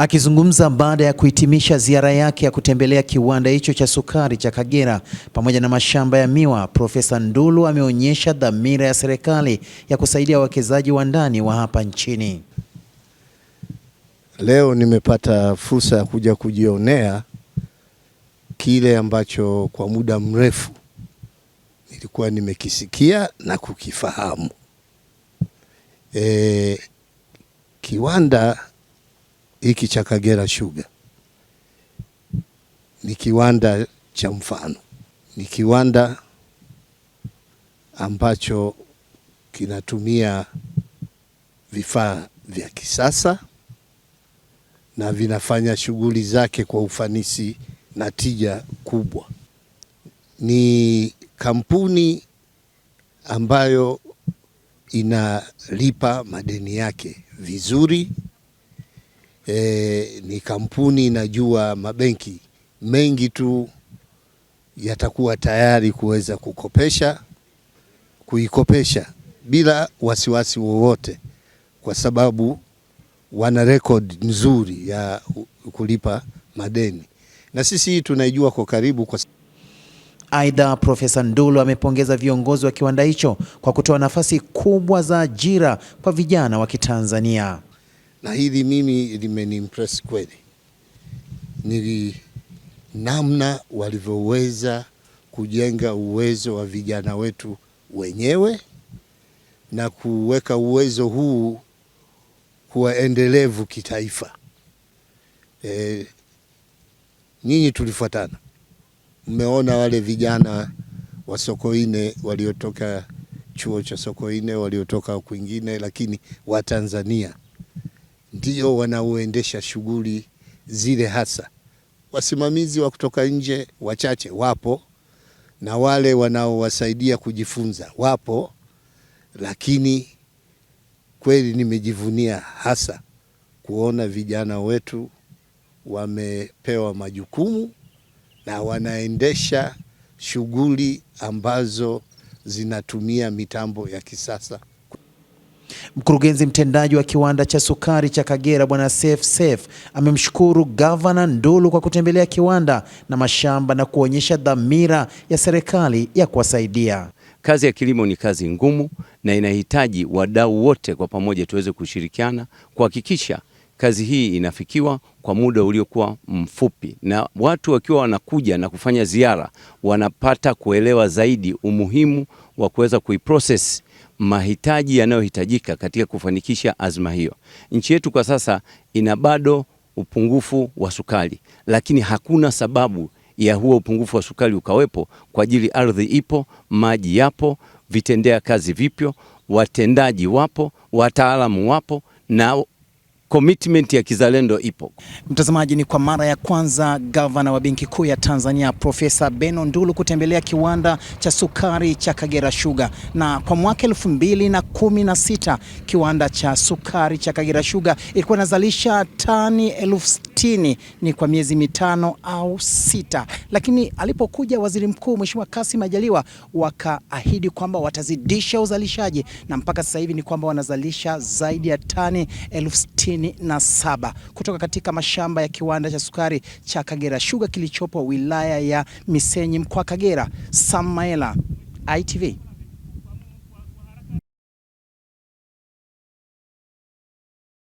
Akizungumza baada ya kuhitimisha ziara yake ya kutembelea kiwanda hicho cha sukari cha Kagera pamoja na mashamba ya miwa, Profesa Ndulu ameonyesha dhamira ya serikali ya kusaidia wawekezaji wa ndani wa hapa nchini. Leo nimepata fursa ya kuja kujionea kile ambacho kwa muda mrefu nilikuwa nimekisikia na kukifahamu. E, kiwanda hiki cha Kagera Sugar ni kiwanda cha mfano, ni kiwanda ambacho kinatumia vifaa vya kisasa na vinafanya shughuli zake kwa ufanisi na tija kubwa. Ni kampuni ambayo inalipa madeni yake vizuri e, ni kampuni inajua mabenki mengi tu yatakuwa tayari kuweza kukopesha kuikopesha bila wasiwasi wowote, kwa sababu wana record nzuri ya kulipa madeni na sisi hii tunaijua kwa karibu kwa Aidha, Profesa Ndulu amepongeza viongozi wa kiwanda hicho kwa kutoa nafasi kubwa za ajira kwa vijana wa Kitanzania na hili mimi limenimpress kweli, ni namna walivyoweza kujenga uwezo wa vijana wetu wenyewe na kuweka uwezo huu kuwa endelevu kitaifa. E, nyinyi tulifuatana, mmeona wale vijana wa Sokoine waliotoka chuo cha Sokoine waliotoka kwingine, lakini Watanzania ndio wanaoendesha shughuli zile hasa. Wasimamizi wa kutoka nje wachache wapo, na wale wanaowasaidia kujifunza wapo, lakini kweli nimejivunia hasa kuona vijana wetu wamepewa majukumu na wanaendesha shughuli ambazo zinatumia mitambo ya kisasa. Mkurugenzi mtendaji wa kiwanda cha sukari cha Kagera Bwana Saif Saif amemshukuru Gavana Ndulu kwa kutembelea kiwanda na mashamba na kuonyesha dhamira ya serikali ya kuwasaidia. Kazi ya kilimo ni kazi ngumu na inahitaji wadau wote kwa pamoja tuweze kushirikiana kuhakikisha kazi hii inafikiwa kwa muda uliokuwa mfupi, na watu wakiwa wanakuja na kufanya ziara wanapata kuelewa zaidi umuhimu wa kuweza kuiprocess mahitaji yanayohitajika katika kufanikisha azma hiyo. Nchi yetu kwa sasa ina bado upungufu wa sukari, lakini hakuna sababu ya huo upungufu wa sukari ukawepo, kwa ajili ardhi ipo, maji yapo, vitendea kazi vipyo, watendaji wapo, wataalamu wapo na commitment ya kizalendo ipo. Mtazamaji, ni kwa mara ya kwanza gavana wa Benki Kuu ya Tanzania Profesa Beno Ndulu kutembelea kiwanda cha sukari cha Kagera Sugar, na kwa mwaka elfu mbili na kumi na sita kiwanda cha sukari cha Kagera Sugar ilikuwa inazalisha tani elfu sitini ni kwa miezi mitano au sita, lakini alipokuja waziri mkuu Mheshimiwa Kassim Majaliwa wakaahidi kwamba watazidisha uzalishaji na mpaka sasa hivi ni kwamba wanazalisha zaidi ya tani elfu sitini na saba kutoka katika mashamba ya kiwanda cha sukari cha Kagera Sugar kilichopo wilaya ya Misenyi mkoa Kagera. Samaela, ITV.